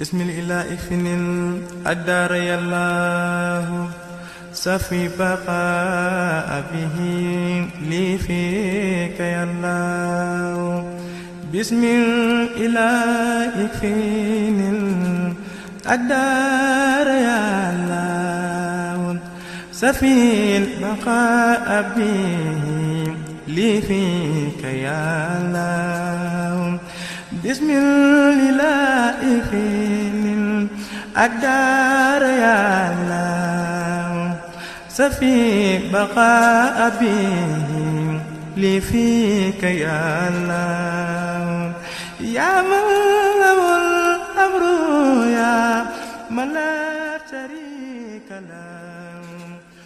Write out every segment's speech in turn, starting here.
بسم الإله فن الأدار يا الله سفي بقاء به لي فيك يا الله بسم الإله فن الأدار يا الله سفي البقاء به لي فيك يا الله bismillahi finin الدار يا الله سفي بقاء به لي فيك يا الله يا من له الأمر يا من لا شريك له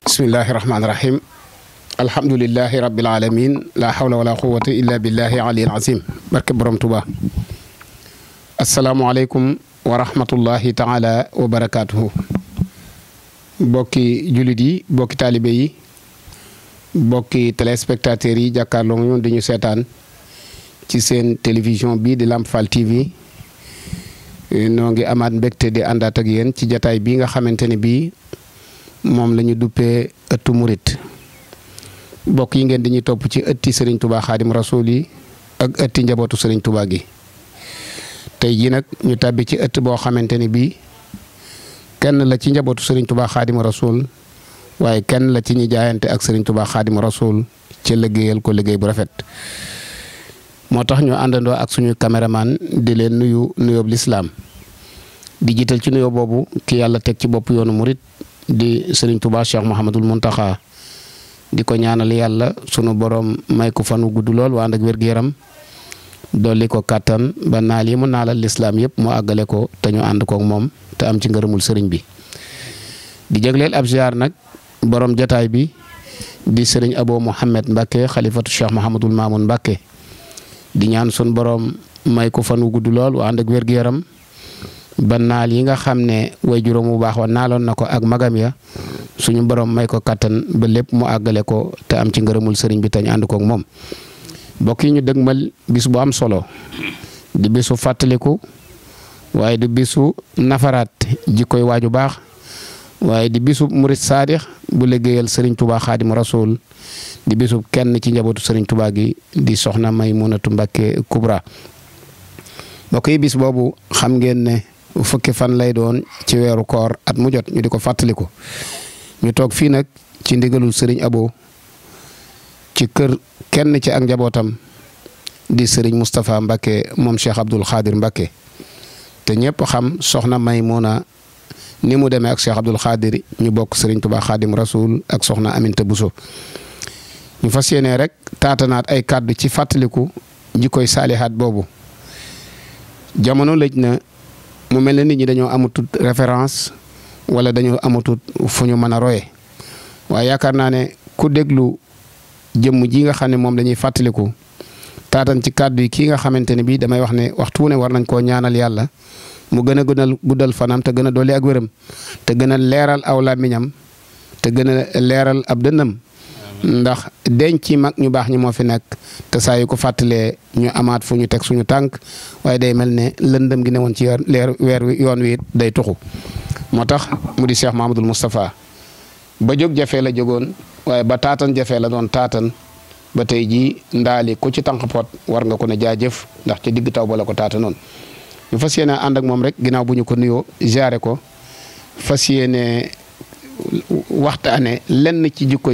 بسم الله الرحمن الرحيم الحمد لله رب العالمين لا حول ولا قوة إلا بالله العلي العظيم بركة برم توبا asalaamualeykum wa rahmatullahi taala wa barakaatuhu bokki jullit yi bokki taalibe yi bokki téléspectateurs yi jàkkaarloo ñun di ñu seetaan ci seen télévision bii di Lamp Fall TV noo ngi amaat mbégte di àndaat ak yéen ci jataay bii nga xamante ne bii moom lañu ñu duppee ëttu murit bokk yi ngeen dañuy topp ci ëtti Serigne Touba Xaadim Rasoul yi ak ëtti njabootu Serigne Touba gi. tey jii nag ñu tàbbi ci ëtt boo xamante ni bii kenn la ci njabootu Serigne Touba Xaadimu Rasuul waaye kenn la ci ñi jaayante ak Serigne Touba Xaadimu Rasuul ci liggéeyal ko liggéey bu rafet. moo tax ñu àndandoo ak suñu caméraman di leen nuyu nuyoob lislaam di jiital ci nuyoo boobu ki yàlla teg ci bopp yoonu murit di Serigne Touba Cheikh Mouhamadul Mountakha di ko ñaanal yàlla sunu borom may ko fan gudd lool waa ànd ak wér yaram dolli ko kattan ba naal yi mu naalal lislaam yëpp mu àggale ko te ñu ànd moom te am ci ngërëmul sëriñ bi di jagleel ab ziar nag borom jataay bi di sëriñ Abo Mouhamed Mbacke xalifatu Cheikh Mouhamadul Mamoun Mbacke di ñaan sun borom may ko fan wu gudd lool wa ànd ak wér yaram ba naal yi nga xam ne way juróom bu baax wa naaloon na ko ak magam ya suñu borom may ko kàttan ba lépp mu àggale ko te am ci ngërëmul sëriñ bi te ñu ànd moom. mbokk yi ñu dëgmal bis bu am solo di bisu fàttaliku waaye di bisu nafaraat jikkoy waaju baax waaye di bisu murit saadix bu liggéeyal Serigne Touba Xaadim Rasul di bisu kenn ci njabootu sëriñ Touba gi di soxna may Maymunatu Mbàkke Kubra mbokk yi bis boobu xam ngeen ne fukki fan lay doon ci weeru koor at mu jot ñu di ko fàttaliku ñu toog fii nag ci ndigalul sëriñ Abo. ci kër kenn ci ak njabootam di sëriñ Moustapha Mbacke moom Cheikh Abdoul Khadir Mbacke te ñëpp xam soxna Maymuna ni mu demee ak Cheikh Abdoul Khadir ñu bokk sëriñ Touba Khadim Rasoul ak soxna Aminta Bousso ñu fas yéene rek taatanaat ay kàddu ci fàttaliku jikkoy saalihaat boobu jamono lëj na mu mel ne nit ñi dañoo amatut référence wala dañoo amatut fu ñu mën a roye waaye yaakaar naa ne ku déglu. jëmm ji nga xam ne moom dañuy fàttaliku taatan ci kàddu yi kii nga xamante ne bii damay wax ne waxtu ne war nañ koo ñaanal yàlla mu gën a gënal guddal fanam te gën a dolli ak wéram te gën a leeral aw làmmiñam te gën a leeral ab dënnam ndax denc ci mag ñu baax ñi moo fi nekk te saa yu ko fàttalee ñu amaat fu ñu teg suñu tànk waaye day mel ne lëndëm gi ne woon ci leer weer wi yoon wi day tuxu moo tax mu di Cheikh Mahamadul Moustapha ba jóg jafe la jógoon waaye ba taatan jafee la doon taatan ba tey jii ndaali ku ci tànq pot war nga ko ne jaajëf ndax ci digg taw ba la ko taatanoon ñu fas yéene ànd ak moom rek ginaaw bu ñu ko nuyoo jaare ko fas yéene waxtaane lenn ci jikko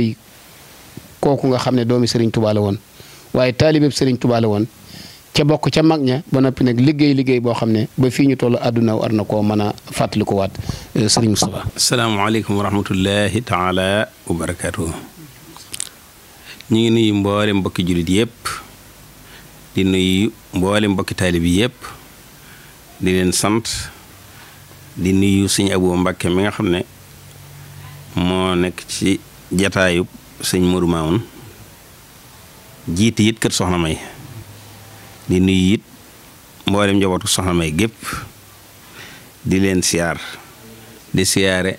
kooku nga xam ne doomi Serigne Touba la woon waaye taalibeb Serigne Touba woon ca bokk ca mag ña ba noppi nag liggéey liggéey boo xam ne ba fii ñu toll àdduna war na koo mën a fàttaliku waat eh, sëriñ Moustapha. asalaamaaleykum wa rahmatullahi taala wa barakaatu. ñu ngi nuyu mboolem mbokki jullit yépp di nuyu mboolem mbokki taalib yëpp di leen sant di nuyu sëñ Abu Mbàkke mi nga xam ne moo nekk ci jataayub sëñ Modou Mamoun jiite it kër Soxna May. di nuyu it mboolem njabootu soxna May gépp di leen siyaar di siyaare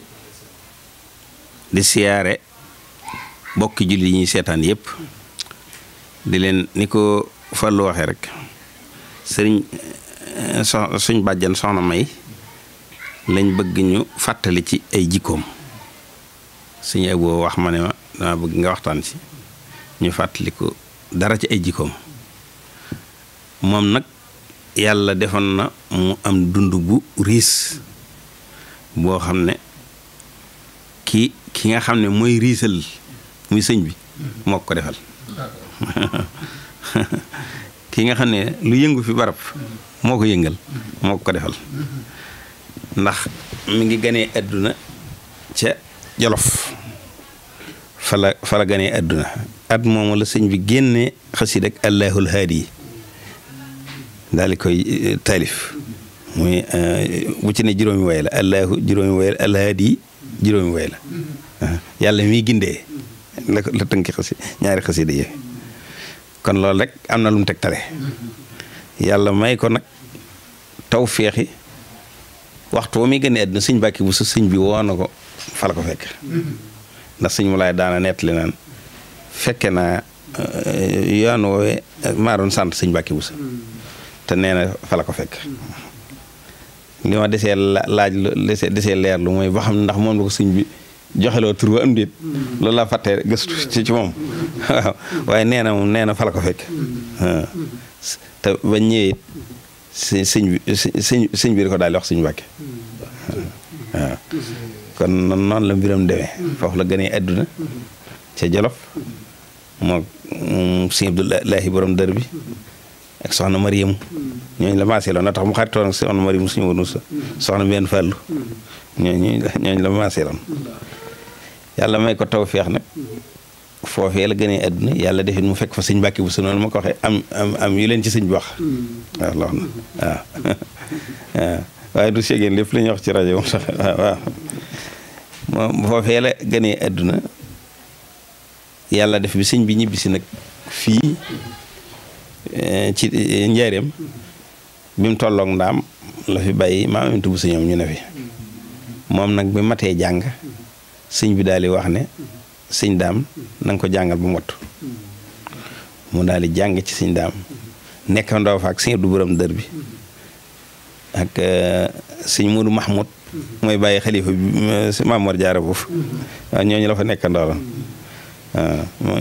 di siyaare bokki julli yi ñuy seetaan yëpp di leen ni ko Fallou waxee rek sëriñ eh, so suñ bàjjan soxna May lañ bëgg ñu fàttali ci ay jikkoom suñu ay wax ma ne ma dama bëgg nga waxtaan ci ñu fàttali ko dara ci ay jikkoom moom nag yàlla defoon na mu am dund bu riis boo xam ne ki ki nga xam ne mooy riisal muy sëñ bi moo ko defal ki nga xam ne lu yëngu fi barab moo ko yëngal moo ko defal ndax mi ngi ganee àdduna ca jolof fa fala fala ganee àdduna at moomu la sëñ bi génnee xasiid ak allahul haadi daal di koy eh, taalif muy bu eh, ci ne juróomi way la allahu juróomi way la juróomi way la ah, yàlla mi gindee la la tënki xasi ñaari xasida yi kon loolu rek am na lu teg tegtale yàlla may ko nag taw feexi waxtu wa muy gën a àddina sëñ bàkki bu su sëñ bi woo na ko fala ko fekk ndax sëñ mu laay daana nettali naan fekke naa eh, yoon woowee maa doon sant sëñ bàkki bu sa te nee na fa ko fekk li ma desee laaj lu desee leer lu mooy ba xam ndax moom la ko sëñ bi joxeloo tur ba am déet mm. loolu laa fàttee gëstu ci ci moom waaw waaye nee na moom nee na fa ko fekk mm. ah. te ba ñëwee sëñ sëñ bi sëñ sëñ bi ko daal di wax sëñ Mbàkke waaw mm. ah. kon noonu la mbiram demee foofu la gënee àdduna ca Jolof moo sëñ Abdoulahi borom dër bi ak soxna Mariam ñooñ la maasee loon na mu xaritoon ak soxna Mariam suñu woon sa soxna benn fàllu ñooñu ñooñu la maasee loon yàlla may ko taw feex nag foofee la gënee àdduna yàlla defit mu fekk fa sëñ Mbàkke bu su ko waxee am am am leen ci sëñ bi wax du segeen lépp la wax ci rajo moom sax waaw àdduna yàlla def bi sëñ bi ñibbisi nag fii Eh, ci eh, njaareem bi mu tolloog ndaam la fi bàyyi maam tubb Bousso ñoom ñu ne fi moom nag bi matee jàng sëñ bi daal di wax ne sëñ daam na ko jàngal bu mbott mu daal di jàng ci sëñ daam nekk ndaw fa ak sëñ du borom dër bi ak eh, sëñ Modou Mahmoud mooy bàyyi xalifa bi si Maam Mor Jaara foofu waaw ñooñu la fa nekk ndoola waaw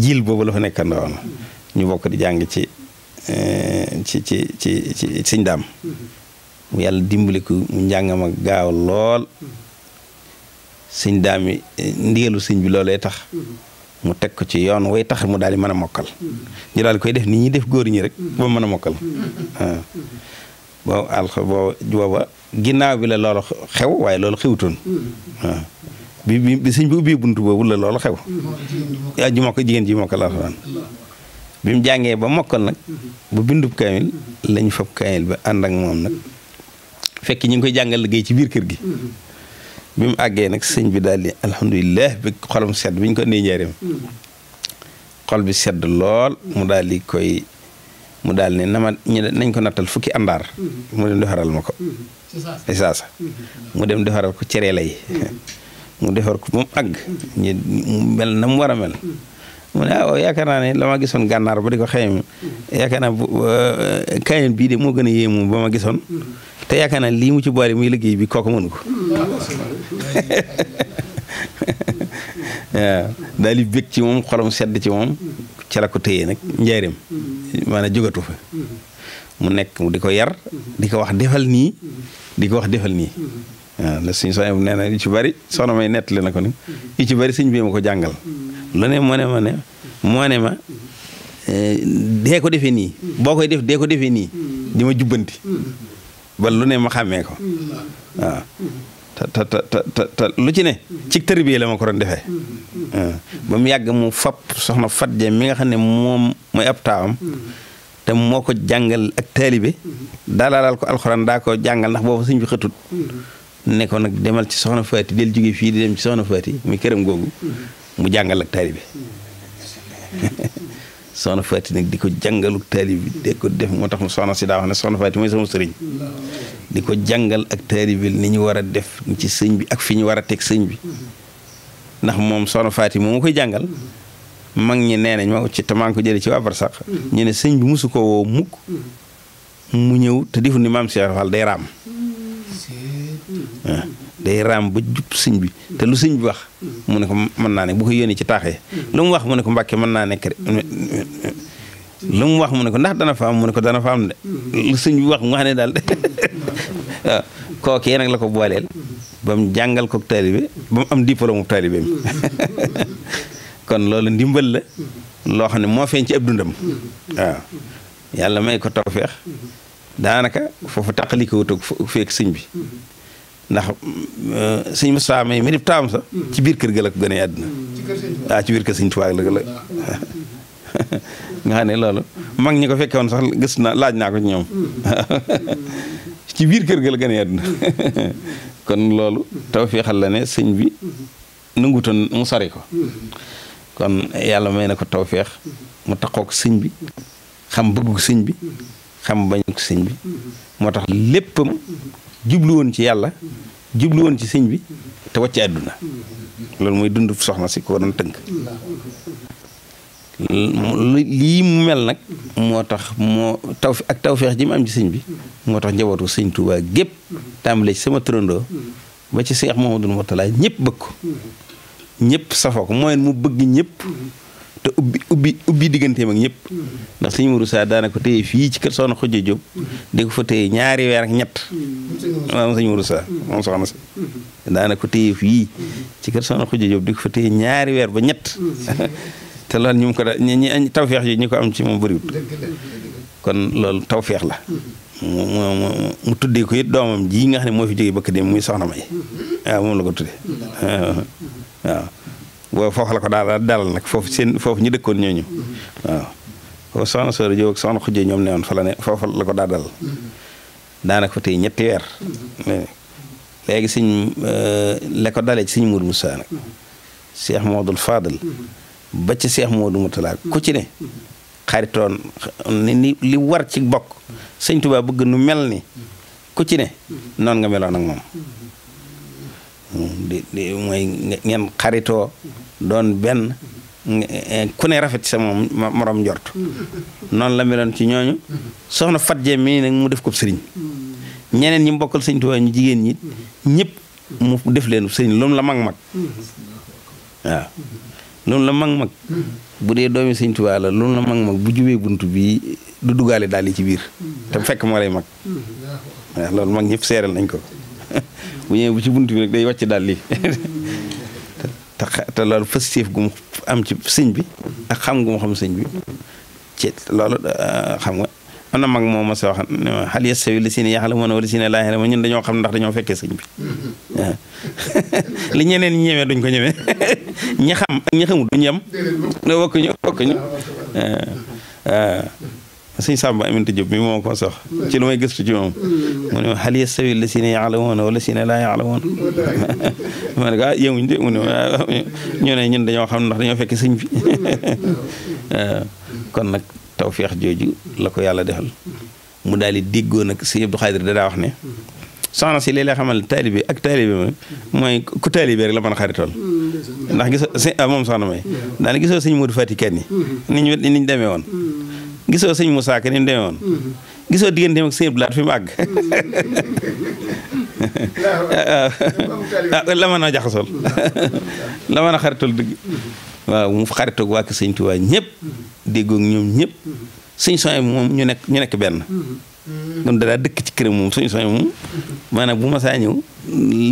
jiil boobu la fa nekk ndoola ñu bokk di jàng ci eh, ci ci ci ci sëñ daam mu yàlla dimbali ko mu njàngam ak gaaw lool sëñ daam yi eh, ndigalu sëñ bi loolee tax mu teg ko ci yoon way tax mu daal di mën a mokkal ñu daal koy def ni ñuy def góor ñi rek ba mën a mokkal waaw ah. boobu ginnaaw bi la loolu xew waaye loolu xewutoon waaw ah. bi bi sëñ bi ubbi buntu boobu la loolu xew yaa ji mokk jigéen ji mokk la bi mu jàngee ba mokkal nag ba bindub kaamil la ñu fab kaamil ba ànd ak moom nag fekk ñu ngi koy jàngal liggéey ci biir kër gi bi mu àggee nag sëñ bi daal di alhamdulilah bi xolam sedd bi ñu ko nee njaareem xol bi sedd lool mu daal di koy mu daal ne na ma nañ ko nattal fukki àndaar mu dem defaral ma ko saasa mu dem defaral ko cere lay mm-hmm. mu defar ko ba mu àgg ñu mel na mu war a mel mu ne ah yaakaar ne la ma gisoon gànnaar ba di ko xayma yaakaar naa euh, kayen bii de moo gën a yéemu ba ma gisoon te yaakaar naa lii mu ci boole muy liggéey bi kooku mënu ko waaw ci moom xolam sedd ci moom ca la nag njaareem maanaam jógatu fa mu nekk di ko yar di ko wax defal nii di ko wax defal nii waaw la suñu soxna nee na yu ci bari soxna may nettali na ko ni yi ci bari sëñ bi ma ko jàngal lu ne mu ma ne moo ma eh, dee ko defee nii boo koy def dee ko defee nii di ma jubbanti ba lu ne ma xàmmee ko waaw te te te te lu ci ne ci la ma ko doon defee ba mu yàgg mu fab soxna Fat Dieng mi nga xam ne moom mooy ab taawam te moo ko jàngal ak taalibe daalaalal ko alxuraan daa ko jàngal ndax boobu suñ bi xëtut ne ko nag demal ci soxna Faati del jóge fii di dem ci soxna Faati muy këram googu mu jàngal ak taalibe soxna Faati nag di ko jàngalu taalibe de ko def moo tax mu soxna si daa wax ne soxna Faati mooy sama sëriñ di ko jàngal ak taalibe ni ñu war a def ni ci sëñ bi ak fi ñu war a teg sëñ bi ndax moom soxna Faati moo ma koy jàngal mag ñi nee nañ ma ci te ngi ko jëlee ci waa Barsax ñu ne sëñ bi mosu ko woo mukk mu ñëw te defu ni maam Cheikh Fall day raam day raam ba jub sëñ bi te lu sëñ bi wax mu ne ko mën naa ne bu ko yónnee ci taaxee lu wax mu ne ko mbàkke mën naa nekk lu mu wax mu ne ko ndax dana fa am mu ne ko dana fa am de lu sëñ bi wax mu wax ne daal de kookee nag la ko booleel ba mu jàngal ko taalibe ba mu am diplôme taalibe mi kon loolu ndimbal la loo xam ne moo feeñ ci ab dundam waaw yàlla may ko tawfeex daanaka foofu taqali ko wutug fekk bi ndax euh, sëñ Moustapha may mi dib taam sa mm-hmm. ci biir kër ga la gën gënee àddina waaw mm-hmm. ah, ci biir kër sëñ Tuubaa la la nga mag ñi ko fekke woon sax gis na laaj naa ko ci mm-hmm. ci biir kër ga la gënee àddina kon loolu tawfeexal la ne sëñ bi nangutoon mu sori ko kon yàlla may na ko tawfeex mu taxook sëñ bi xam bëggu sëñ bi xam bañu ko sëñ bi moo tax léppam jublu woon ci yàlla jublu woon ci sëñ bi te wàcc àdduna loolu mooy dund soxna si ko tënk lii mel nag moo tax moo taw ak tawfeex ji mu am ci sëñ bi moo tax njabootu sëñ Tuubaa gépp tàmbalee sama tërandoo ba ci Seex Muhammadul Murtalaa ñëpp bëgg ko ñëpp safoo ko mooy mu bëgg ñépp te ubbi ubbi ubbi mag ak ñëpp mm-hmm. ndax sëñ Mourou Sarr daana ko téye fii ci kër Soxna Xujja Jóob mm-hmm. di ko fa téye ñaari weer ak ñett waaw mm-hmm. sëñ Mourou Sarr moom soxna daana ko téye fii ci kër Soxna Xujja Jóob di ñaari weer ba ñett te loolu ñu ko da ñi tawfeex yi ñu ko am ci moom bëriwut kon loolu feex la mu mu tuddee ko it doomam ji nga xam ne moo fi jógee bëkk dem muy soxna may waaw moom la ko tuddee waaw boo foofu la ko daal dalal nag foofu seen foofu ñu dëkkoon ñooñu waaw foofu soxna Soor Jóob ak soxna Xujje foofu ko daal dalal daanaka tey ñetti weer léegi suñ euh, la ko dalee ci suñ Muur Musaa nag Cheikh Fadal ba ci Cheikh Modou Mutala ku ci ne xaritoon li war ci bokk sëñ Tuubaa bëgg nu mel ni ku ci ne nga meloon nag moom mooy ngeen xaritoo doon benn eh, eh, ku ne rafet sa moom morom njort noonu la loon ci ñooñu soxna Fat Dieng mii nag mu def ko sëriñ ñeneen ñi mu bokkal sëñ Tuubaa ñu jigéen ñi ñëpp mu def leen sëriñ loolu la mag mag waaw la mag mag bu dee doomi sëñ Tuubaa la loolu la mag mag bu jubee bunt bi du dugaale daal yi ci biir te fekk moo lay mag loolu mag ñëpp seeral nañ ko bu ñëwee bu ci bunt bi rek day wàcc daal lii te te loolu fas gu mu am ci sëñ bi ak xam gu xam sëñ bi ci loolu euh, xam nga am na mag moom ma sa wax xal yastawi la seen yaxlamuuna wala dañoo xam ndax dañoo fekkee sëñ bi waaw li ñeneen ñi ñemee duñ ko ñemee ñi ak ñi duñ yem. dëgg la sëñ Samba Aminta Diop mi moo ko sox ci lu may gëstu ci moom mu ne hal yastawi lasina yaalamuuna wa lasina laa yaalamuun ma ne ko ah yënguñ ah, ñun dañoo xam ndax dañoo fekk sëñ bi kon nag tawféex jooju la ko yàlla defal mu daal di déggoo nag sëñ Abdou Xaadir da daa ne soxna si léeg-léeg xamal taalibe ak taalibe ma mooy ku taalibe rek la mën a xaritool mm, ndax gisoo ah, moom soxna may daana niñ mm-hmm. demee woon mm-hmm. gisoo sëñ Moussa Ka ni mu demee woon. Mm-hmm. gisoo digganteem ak sëñ Blaat fi mu àgg. Mm-hmm. Ah, la mm-hmm. waa ñëpp déggoog ñoom ñëpp suñ soñ moom ñu nekk ñu nekk benn moom dëkk ci këram moom suñ soñ bu ma ñëw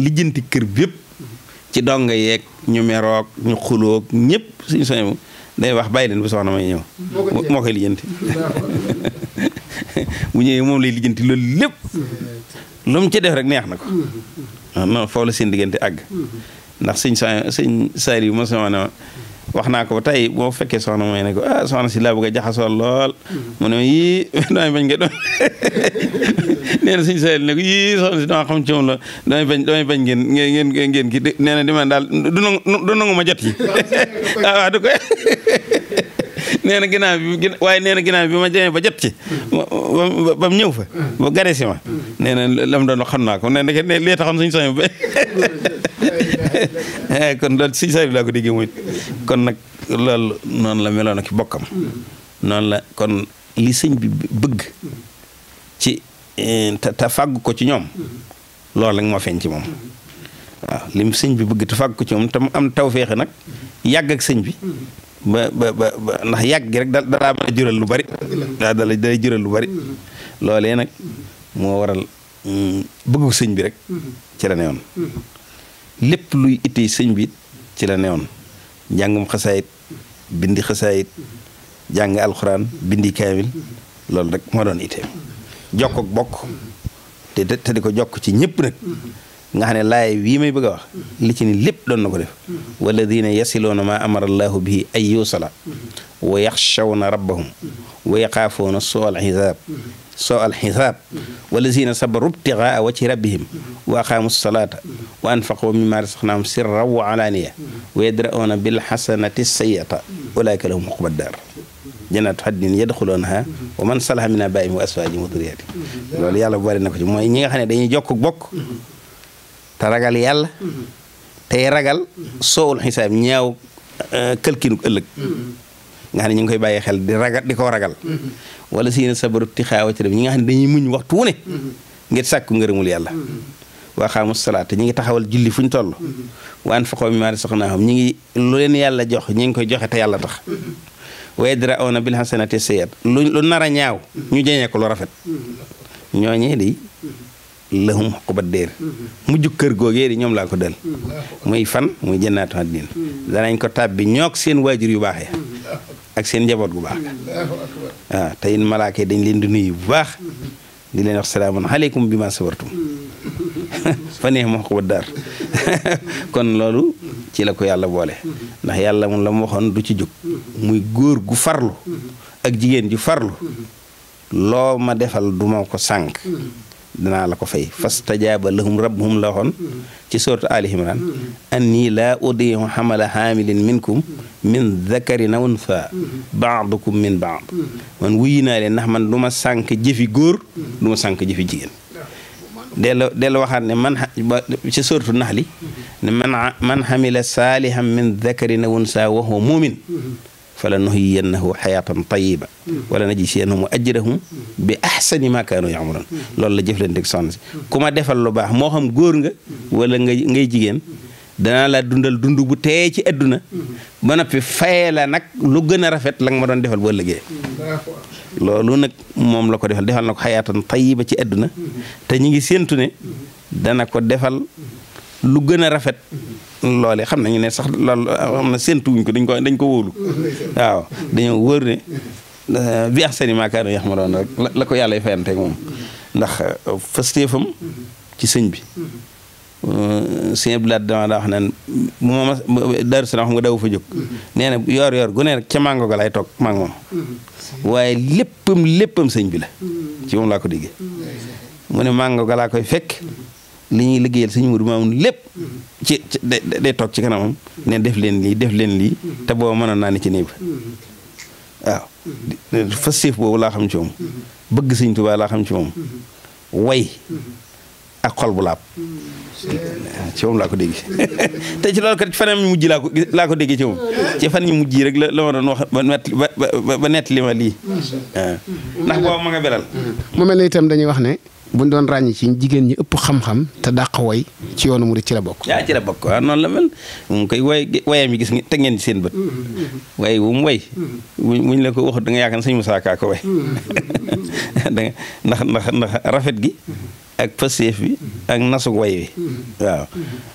lijjanti kër bépp ci donga yeeg ñu meroog ñu xuloog ñëpp suñ soñ moom day wax bay leen bu soxna may ñëw. moo koy lijjanti bu ñëwee moom lay lijjanti loolu lépp. lu mu ci def rek neex na ko. Mm-hmm. Ah, non foofu la seen diggante àgg. Mm-hmm. ndax sëñ sa sëñ Saaliw ma sama ne wax naa ko tey boo fekkee soxna mooy ne ko ah soxna si laa bëgg a jaxasoo lool mu ne yii damay bañ nga doon nee ne ko yii soxna si dama xam ci moom la damay bañ damay bañ ngeen ngeen nee na di daal ma jot yi ah waaw du nee na ginnaaw bi waaye nee na ginnaaw bi ma demee ba jot ci. ba mu ñëw fa. ba gare ma. nee na la mu doon xam naa ko nee na ne lee taxoon suñu sooy ba eh, kon loolu suñu sooy bi laa ko di mooy kon nag loolu noonu la meloon ak bokkam. noonu la kon li sëñ bi bëgg. ci eh, te te ko ci ñoom. loolu rek moo feeñ ci moom. waaw lim sëñ bi bëgg te fàgg ko ci moom tam am taw tawféexe nag yàgg ak sëñ bi. ba ba yàgg rek da daa mën jural lu bari daa dala day jural lu bari loole nag moo waral mm, bëggu sëñ bi rek ci la newoon lépp luy ittee sëñ bi ci la newoon njàngum xasaayit bindi xasaayit jàng alxuraan bindi kaamil loolu rek moo doon ittee jokk bokk te te ko jokk ci ñëpp nag nga xam ne laay wii may bëgg a wax li ci ni lépp doon na ko def walladina yasiluuna maa amara allaahu bihi ay yuusala wa yaxshawna rabbahum wa yaxaafuuna soo al xisaab soo al xisaab walladina sabaru btigaa wajhi rabbihim wa aqaamu salaata wa anfaqu mimma rasaqnaahum sirran wa alaaniya wa yadra'uuna bil xasanati sayyi'ata ulaa'ika lahum uqba daar janaatu haddin yadxuluunahaa wa man salaha min aabaa'ihim wa azwaajihim wa durriyaatihim loolu yàlla boole na ko ci mooy ñi nga xam ne dañuy jokk bokk te ragal yàlla tey ragal soowul xisaab ñaaw euh, këlkinuk ëllëg nga xam ne ñu ngi koy bàyyi xel di ragal di ko ragal walla si na sabaru ti xaawa ci dem ñi nga xam ne dañuy muñ waxtu wu ne ngir sàkku ngërëmul yàlla waa xaamu salaat ñi ngi taxawal julli fu ñu toll waan mi xoo mi maari soxnaahum ñi ngi lu leen yàlla jox ñi ngi koy joxe te yàlla tax waaye dara ona bil hasanati sayyiat lu lu nar a ñaaw ñu jeñee ko lu rafet ñooñee di lahum xuba déer mhm. mujj kër googee di ñoom laa ko del mhm. muy fan muy jënnaatu àddina mhm. danañ ko tàbbi ñoog seen waajur yu baax ak seen njaboot gu baax waaw ah, tey malaaka yi dañ leen di nuyu bu baax di leen wax salaamun aleykum bi ma sabartum fa neex ma xuba kon loolu ci la ko yàlla boole ndax yàlla moom la mu waxoon du ci jóg muy góor gu farlu ak jigéen ju farlu loo ma defal du ma ko sànk danaa la ko fay fastajaaba lahum rabbuhum la waxoon ci sourate Ali Imran annii laa udiihu xamala xaamilin minkum min dakarin aw unsa baadukum min baad man wuyi naa leen ndax man du ma sànk jëfi góor du ma sànk jëfi jigéen ne man ci saalihan min dakarin aw unsa wa huwa fala nuhyiyannahu xayaatan tayiba wala najziyannahum ajrahum bi ahsani ma kaanu ya'maluun loolu la jëflante ak soxna si ku ma defal lu baax moo xam góor nga wala nga ngay jigéen danaa la dundal dund bu teye ci adduna ba noppi fayee la nag lu gën a rafet la ma doon defal boo liggéey loolu nag moom la ko defal defal na ko xayaatan tayiba ci adduna te ñu ngi séentu ne dana ko defal lu gën a rafet loolee xam nañu ne sax loolu xam na séntuwuñ ko dañ ko dañ ko wóolu waaw dañoo wóor ne bi ahsani maa kaanu ya'maluun rek la ko yàlla fayanteeg moom ndax fastéefam ci sëñ bi euh, sëñ Abdou Lahad daa wax ne mooma Daaru Salaam xam nga daw fa jóg nee na yoor yoor gu rek ca mango ga lay toog maag moom waaye léppam léppam sëñ bi la ci moom laa ko déggee mu mango ga koy fekk li ñuy liggéeyal sëñ Mourou Mamoun lépp ci day toog ci kanamam ne def leen lii def leen lii te booba mënoon naa ne ci néeg waaw fas séef boobu laa xam ci moom bëgg sëñ Tuubaa laa xam ci moom way ak xol bu laab ci moom laa ko dégg ci loolu kat ci fanam ñu ko laa ko dégg ci moom ci fan ñu mujj rek la la ma doon wax ba nett ba ba nett li ma lii ndax boobu ma nga beral mu mel ne itam dañuy wax ne bu ñu doon ràññi ci jigéen ñi ëpp xam-xam te dàq woy ci yoonu murid ci la bokk. yaa ci la bokk waaw noonu la mel moom koy woy woyam yi gis nga teg ngeen ci seen bët. waaye wu mu woy. buñ la ko wax danga nga yaakaar ne sëñ Moussa Ka ko woy rafet gi. ak pasteef ak nasug way wi waaw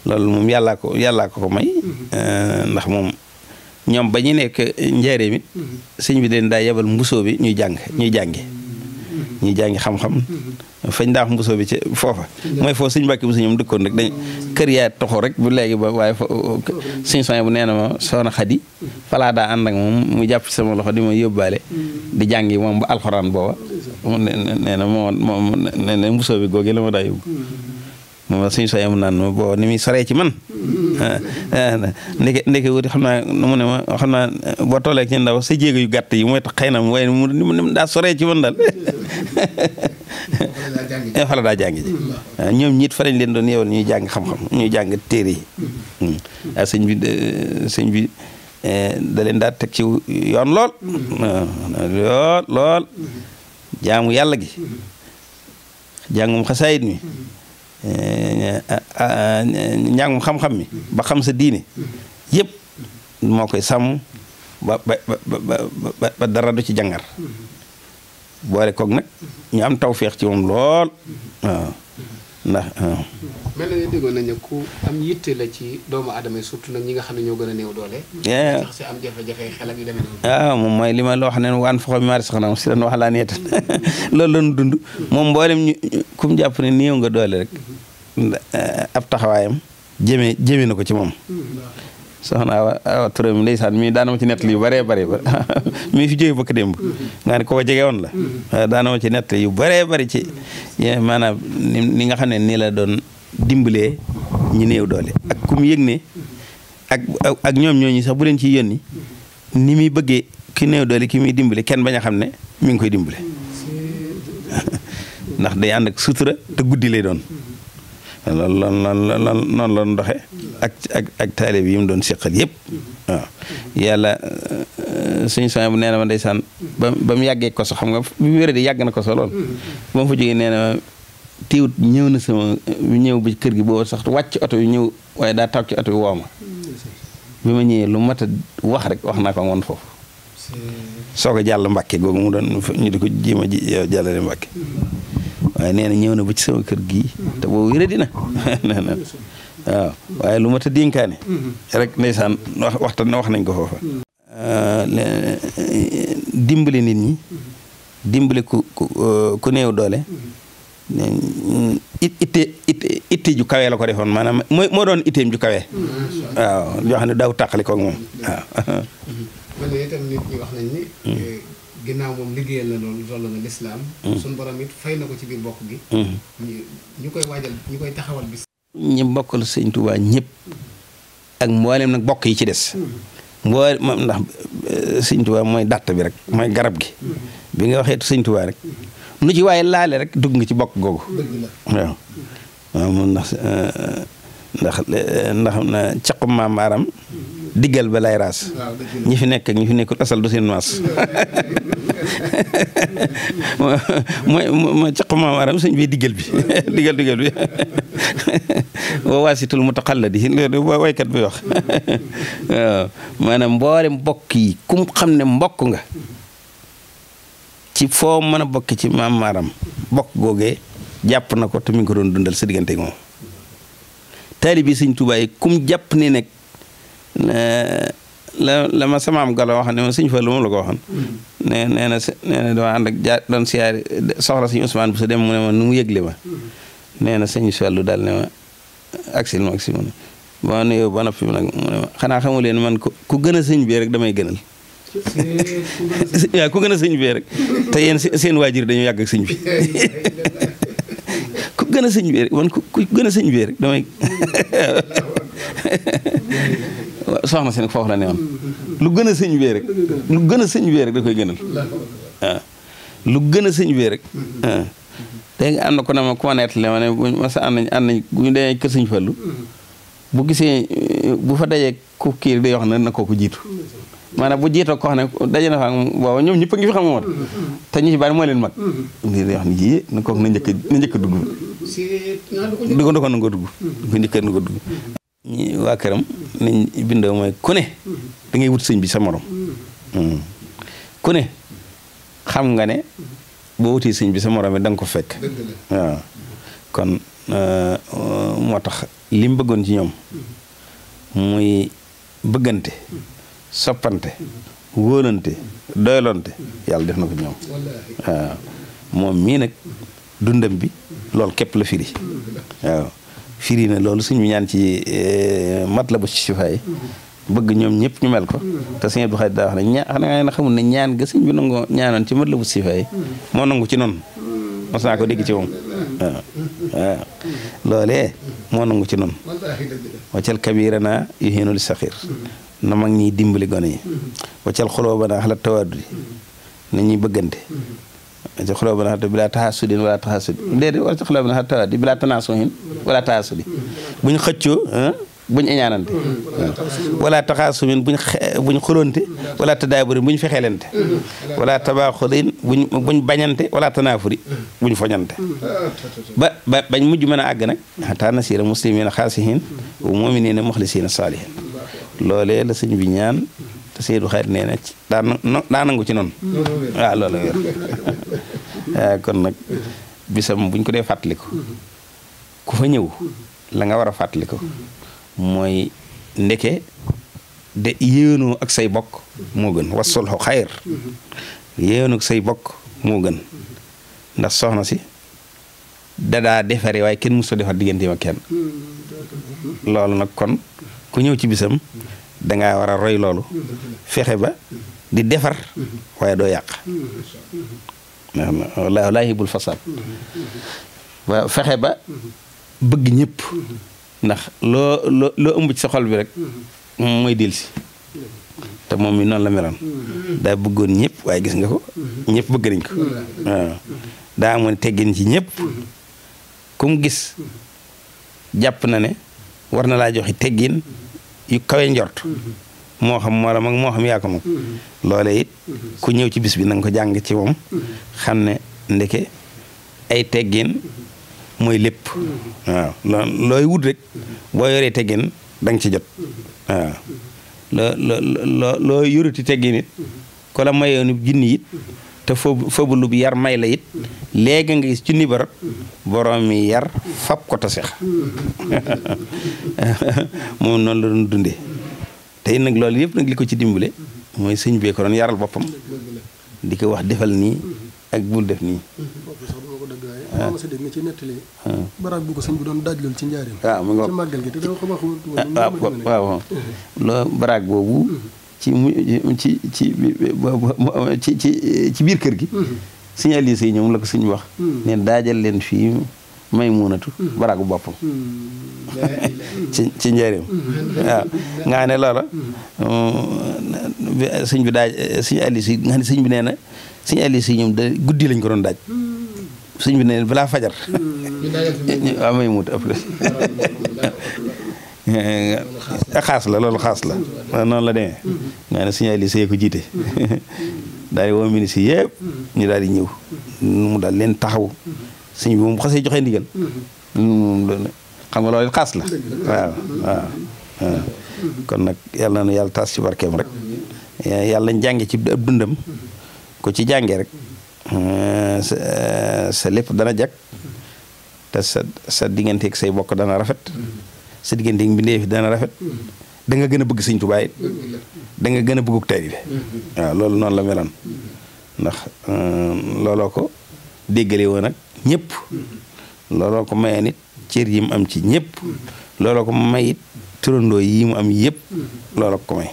loolu moom yàllaa ko yàlla ko ko may eh, ndax moom ñoom ba ñu nekk njaareem it sëñ bi leen daa yebal mbusoo bi ñuy jàng ñuy jàngi ñuy jàngi xam-xam fañ daa mbusoo bi ci foofa mooy foofu suñ mbàkki bu suñu dëkkoon rek dañ kër yaa toxo rek bu léegi ba waaye suñ soñ bu nee na ma soxna Xadi falaa daa ànd moom mu jàpp sama loxo di ma yóbbaale di jàngi moom ba alxuraan booba nee na moo moom nee na mbusoo bi googi la ma daa yóbbu moom suñu soñ mu naan ma booba ni muy soree ci man ndeke ndeke wuti xam naa mu ne ma xam naa boo tolleeg ci ndaw sa jéego yu gàtt yi mooy tax xëy na waaye mu daa soree ci man daal Eh, fa la ji mm. eh, ñoom ñit fa lañ leen doon yeewal ñuy jàng xam-xam ñuy jàng téere yi ah sëñ bi bi da leen daa teg ci yoon lool mm-hmm. ah, lool lool mm-hmm. jaamu yàlla gi jàngum xasaayit mi ah, ah, njàngum xam-xam mi ba xam sa diine yépp moo koy sàmm ba ba ba ba dara du ci jàngar boole kook nag ñu am feex ci moom lool waaw ndax. mel na ne ku am yitte la ci doomu aadama surtout nag ñi nga xam ne ñoo gën a néew doole. ndax si am jafe-jafe xel ak ah, moom mooy li ma la wax ne waan foxo mi maari soxnaam si lan wax laa neetal loolu la ñu dund moom mboolem ñu ku mu jàpp ne néew nga doole rek mm-hmm. eh, ab taxawaayam jëmee jëmee na ko ci moom. Mm-hmm. soxna Awa Awa Touré mi ndeysaan mi daana ma ci nettali yu bëree bëri ba mi fi jógee bëkk démb nga ne ko jege woon la daana ci nettali yu bëree bëri ci maanaam ni nga xam ne nii la doon dimbalee ñi néew doole ak ku mu yëg ne ak ak ñoom ñooñu sax bu leen ciy yónni ni muy bëggee ki néew doole ki muy dimbale kenn bañ a xam ne mu ngi koy dimbale ndax day ànd ak sutura te guddi lay doon loolu loolu loolu noonu la doon doxee ak ak ak taalib yi mu doon seqal yëpp waaw yàlla euh, suñu soxna bu nee na ma ndeysaan ba ba mu yàggee koso xam nga bi wéré di yàgg na koso lool mm-hmm. ba mu fa jógee nee na ma téewut ñëw na sama ñëw bi kër gi booba sax wàcc oto bi ñëw waaye daa taw ci oto bi woo ma mm-hmm. bi ma ñëwee lu mat a wax rek wax naa ko woon foofu soog a jàll mbàkke googu mu doon ñu di ko jéem a jàllale mbàkke mm-hmm. waaye nee na ñëw na ba ci sama kër gi te boobu wéradi na na waaw waaye lu ma ta dénkaane rek ndeysaan wax waxtaan wax nañ ko foofa euh, dimbali nit ñi dimbali ku ku euh, néew doole it itte itte ju kawe la ko defoon maanaam mooy moo doon itteem ju kawe. Mm-hmm. waaw yoo xam ne daaw tàqali koog moom mm-hmm. waaw. Mm-hmm. ginnaaw moom liggéeyal na loolu loolu na lislaam mm. suñ borom it fay na ko ci biir bokk gi mm. ñu koy waajal ñu koy taxawal bis ñu bokkal sëñ Tuubaa ak mboolem nag bokk yi ci des mm. mboole ndax eh, sëñ mooy dàtt bi rek mooy garab gi bi nga waxee sëñ Tuubaa rek nu ci waaye laale rek dugg nga ci bokk googu waaw waaw mun ndax eh, ndax eh, ndax na caqu maam diggal ba lay raas ñi fi nekk ak fi nekkul asal du seen mooy mooy caq maam bi diggal bi diggal diggal bi wa waasitul mutaqallidi loolu waykat bi wax yi kum xam ne mbokk nga ci foo mën a bokk ci maam maaram bokk googee jàpp na ko te mi ngi ko doon dundal sa diggante moom taalibi sëñ Tuubaa kum jàpp ne nekk la la ma samaam golo waxoon ne ma sëñ Fallu moom la ko waxoon mm. ne nee na nee na jaar doon siyaari soxla sëñ Ousmane bu sa dem mu ne ma nu mu yëgle ma mm. nee na sëñ Fallu daal ne ma agsil ma agsil ba nuyoo mu ne ma xanaa xamu leen man ku gën a sëñ bee rek damay gën a rek te yéen seen waajur dañoo yàgg ak sëñ bi ku gën sëñ bee rek man ku gën sëñ bee rek damay mm. soxna seen nag foofu la ne woon lu gën a sëñ wee rek lu gën a sëñ wee rek da koy gënal lu gën a sëñ wee rek dégg nga am na ko ne ma ku ne ma nañ ànd nañ bu ñu gisee bu fa dajee ku kii day wax na kooku jiitu maanaam bu jiitoo ko xam ne daje na fa booba ñoom ñëpp ngi fi xam moom te ñu ci bari moo leen mag ndi day wax ne na kooku na njëkk na njëkk a dugg dugg na ko nangoo dugg ko njëkk a nangoo waa këram nañ bindoo mooy ku ne ngay wut sëñ bi sa morom hmm. ku xam nga ne boo wutee sëñ bi sa morom yi da nga ko fekk kon euh, moo tax lim bëggoon ci ñoom muy bëggante soppante wóolante doylante yàlla def na ko ñoom moom mii nag dundam bi loolu képp la firi waaw firi na loolu suñ bi ñaan ci eh, mat la ba ci sifaay bëgg ñoom ñëpp ñu mel ko te si Abdou Khadre daa wax ne ñaa xam nga ne xamul ne ñaan ga sëñ bi nangu ñaanoon ci mat la bu sifaay moo nangu ci noon mos naa ko dégg ci moom waaw moo nangu ci noon waccal kabira na yu xéenuli saxir na mag ñi dimbali gone yi waccal xoloo ba naa xalaat tawaadu na ñuy bëggante ci xuloo ba na xatta bilaa taxasudin wala taxasudin déedéet wala ci xuloo buñ xëccoo buñ iñaanante wala taxaasumin buñ buñ xulonte wala tadaaburin buñ fexelente wala tabaaxudin buñ buñ bañante wala tanaafuri buñ foñante ba ba bañ mujj mën a àgg nag xataa nasiira muslimin xaasihin wa muminin muxlisin saalihin loolee la sëñ bi te Seydou Xarit nee na ci daa nangu ci noonu. waaw loolu wér waaw kon nag bisam buñ ko dee fàttaliku ku fa ñëw la nga war a fàttaliku mooy ndeke de yéenoo ak say bokk moo gën wasulhu xayr yéenoo ak say bokk moo gën ndax soxna si dadaa defare waaye kenn mosut a defar digganteem ak kenn hmm, loolu nag kon ku ñëw ci bisam danga war a roy loolu fexe ba di defar waaye doo yàq wallaahi laa yuhibbul fasaad fexe ba bëgg ñépp ndax loo loo loo ëmb ci xol bi rek mooy delsi te moom mi noonu la meloon daa bëggoon ñëpp waaye gis nga ko ñëpp bëgg nañ ko waaw daa amoon teggin ci ñëpp ku gis jàpp na ne war na laa jox teggin yu kawe njort moo xam moo mag moo xam yaa ko mag loolee it ku ñëw ci bis bi na ko jàng ci moom xam ne ndeke ay teggin mooy lépp waaw looy wut rek boo yoree teggin da ci jot waaw loo loo loo yorati teggin it ku la mayoonu jinni it te foobu foobu bi yar may la it léegi nga gis ci nibar boroom yi yar fab ko tasex moom noonu la doon dundee tey nag loolu yëpp nag li ko ci dimbale mooy sëñ bee ko doon yaral boppam di ko wax defal nii ak bul def nii. waaw ma sa dégg nga ci nettali. Ah. bu doon daajlul ci njaarim. Ah, ah, baraag boobu. Mm-hmm. ci mu ci ci ci ci biir kër gi mm-hmm. signalisé yi ñoom la ko suñu wax mm-hmm. ne daajal leen fii may muunatu mm-hmm. baragu boppam ci ci njëriñ waaw nga ne loola sëñ bi daaj suñu allis nga sëñ bi nee na suñu allis yi ñoom da guddi lañ ko doon daaj sëñ bi nee balaa fajar waaw may muut après Eh, xaas la loolu xaas la eh, noonu la demee nga ne signalé see ko jiite daal di woo ministre ñu daal di ñëw nu mu daal leen taxaw sëñ bi moom xasee joxe ndigal xam nga lool xaas la waaw waaw kon nag yàlla na yàlla taas ci barkeem rek eh, yàlla nañ jànge ci ab dundam ci jànge rek sa lépp dana jag te sa sa digganteeg say bokk dana rafet sa diggante bi ndee fi dana rafet mm-hmm. danga gën a bëgg sëñ Tuubaa it mm-hmm. da gën a bëgguk taalibe mm-hmm. waaw loolu noonu la meloon ndax euh, looloo ko déggale woon ak ñëpp looloo ko mayee nit yi mu am ci ñëpp looloo ko may it turandoo yi mu am yëpp looloo ko may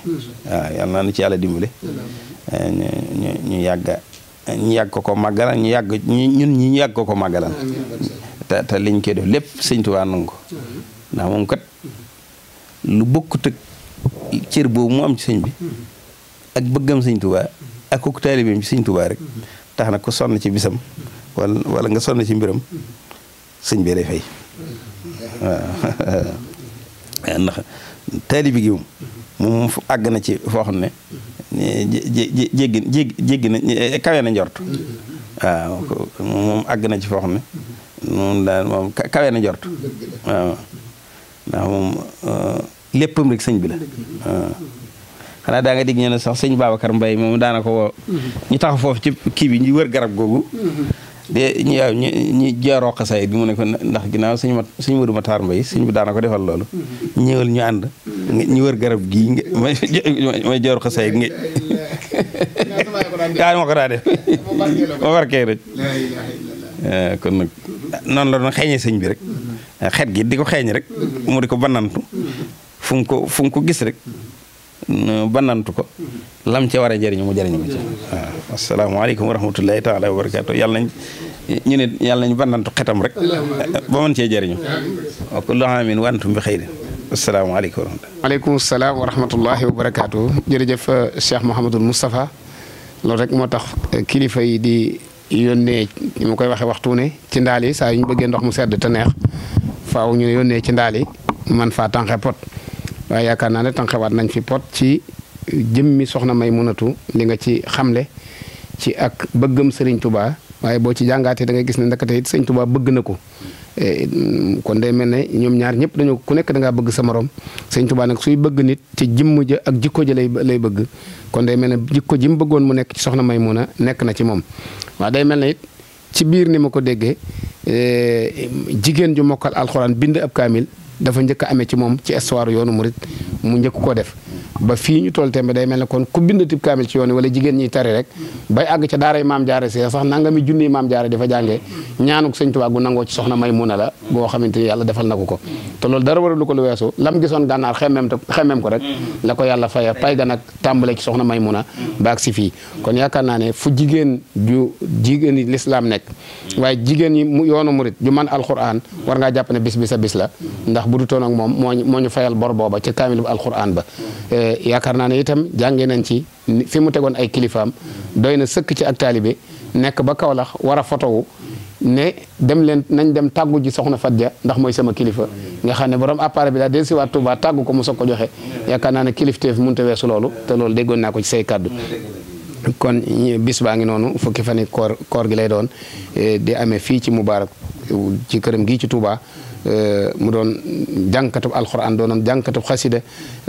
naa nu ci yàlla dimbale ñu ñu ñu yàgga ñu yàgg ko ko màggalan ñu yàgg ñun ñi ñu yàgg ko ko màggalan te te liñ koy def lépp sëñ Tuubaa nangu ko ndax moom kat lu bokkut ak cër boobu mu am ci sëñ bi ak bëggam sëñ tubaa ak kooku taalibeem ci sëñ tubaa rek tax nag ko sonn ci bisam wala wala nga sonn ci mbiram sëñ bee day fay waaw ndax gi moom moom àgg na ci foo xam ne jéggi jéggi jéggi na ci foo xam ne kawe na njort waaw ndax moom euh, léppam rek sëñ bi la euh, xanaa daa nga dégg ñu ne sax sëñ Babacar Mbaye moom daana ko ñu taxaw foofu ci kii bi ñu wër garab googu de ñu waaw ñu ñu ndax ginnaaw suñu ma suñu mëdu ma taar mbay suñ bi ko defal loolu ñëwal ñu ànd ñu wër garab gii may may jeeru xasaay bi nga ko daa def ma barkee rek eh, kon nag noonu la doon xeeñee sëñ bi rek xet gi di ko xeeñ rek mu di ko banantu fu mu ko fu ko gis rek banantu ko lam ca waree jariñu jëriñu mu jëriñu ko ci waaw asalaamaaleykum wa rahmatullahi taala wa barakaatu nañ ñu ne yàlla nañ banantu xetam rek ba mën cee jëriñu wa kullu amin wa antum bi xayrin asalaamaaleykum wa rahmatulah aleykum salaam wa rahmatullahi wa barakaatu jërëjëf Cheikh Mouhamadul Moustapha loolu rek moo tax kilifa yi di yónnee ñu ma koy waxee waxtu ne ci ndaal yi saa yu ñu bëggee ndox mu sedd te neex faaw ñu yónnee ci ndaal man faa tànqe pot waaye yaakaar naa ne tànqewaat nañ fi pot ci jëmmi soxna may munatu li nga ci xamle ci ak bëggam sëriñ tubaa waaye boo ci jàngaatee dangay gis ne ndakate it sëriñ tubaa bëgg na ko eh, kon day mel ne ñoom ñaar ñëpp dañoo ku nekk da bëgg sa moroom sëriñ tubaa nag suy bëgg nit ci jëmm ja ak jikko ja lay bëgg kon day mel ne jikko ji bëggoon mu nekk ci soxna may mun a nekk na ci moom waaw day mel ne ci biir ni ma ko déggee Eh, jigéen ju mokkal alxuraan bind ab kaamil dafa njëkk amee ci moom ci histoire yoonu murit mu njëkk koo def ba fii ñu toll tembe day mel ne kon ku bindatib kaamil ci yoon wala jigéen ñi tari rek bay àgg ca daaray maam jaare si sax nangami junniy maam jaare dafa jàngee ñaanuk sëñ Tuubaa gu nangoo ci soxna Maymuna la boo xamante ni yàlla defal na ko ko te loolu dara waralu ko lu weesu lam gisoon gànnaar xemmeem te xemmeem ko rek la ko yàlla faya pay ga nag tàmbale ci soxna Maymuna baak si fii kon yaakaar naa ne fu jigéen ju jigéen ñi lislaam nekk waaye jigéen ñi yoonu murit ju man alquran war ngaa jàpp ne bis sa bis la ndax bu du toon ak moom moo ñu fayal bor booba ca kaamil bu alquran ba eh, Eh, yaakaar naa ne itam jàngee nañ ci fi mu tegoon ay kilifaam doy na sëkk ci ak taalibe nekk ba Kawlax war a fotowu ne dem leen nañ dem tàggu ji soxna Fadja ndax mooy sama kilifa nga xam ne boroom appareil bi daal del si waat Tuuba tàggu ko mu soog ko joxe yaakaar naa ne kilifteef mënut a weesu loolu te loolu déggoon naa ko ci say kàddu kon bis baa ngi noonu fukki fan yi koor gi lay doon eh, di amee fii ci Mubaarak ci këram gii ci Touba. Euh, mu doon jànkatub alxuraan doonoon jànkatub xasida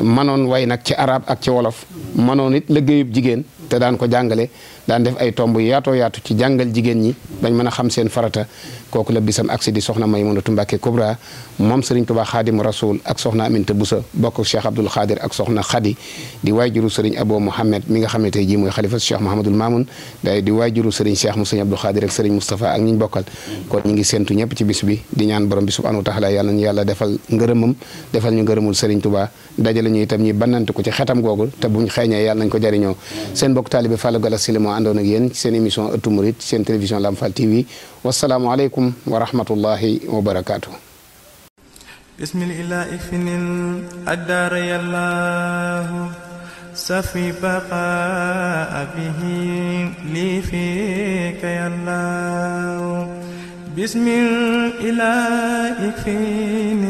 manoon way nag ci arab ak ci wolof manoon it liggéeyub jigéen te daan ko jàngale daan def ay tomb yaatoo yaatu ci jàngal jigéen ñi bañ mën a xam seen farata kooku la bisam aksi di soxna Maymunatu Mbàkke Sëriñ Tuubaa Xaadimu Rasuul ak soxna Aminta Busa bokk mooy xalifa Cheikh Mahamadul Mamoun day di waajuru Sëriñ Cheikh mu Sëriñ Xaadir ak Sëriñ Moustapha ak ñi bokkal kon ñu ngi séntu ñëpp ci bis bi di ñaan borom bi subhanahu wa taala yàlla ñu yàlla defal ngërëmam defal ñu ngërëmul Sëriñ Tuubaa dajale ñu itam ñuy bannante ko ci xetam googu te buñ xeeñee yàlla nañ ko jariñoo seen bokk taalibe Fallou Galass Sylla moo àndoon seen émission Ëttu aleykum wa rahmatullahi wa barakaatu. بسم الإله إفن الدار يالله سفي بقاء به لي فيك يالله بسم الإله إفن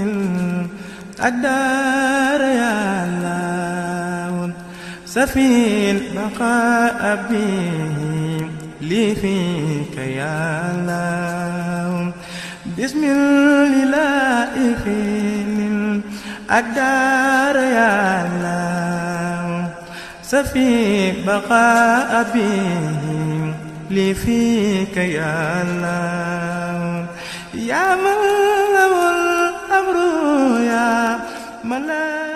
الدار يالله سفي بقاء به لي فيك يا الله بسم الله في الأقدار يا الله سفي بقاء به لي فيك يا الله يا من له الأمر يا ملاك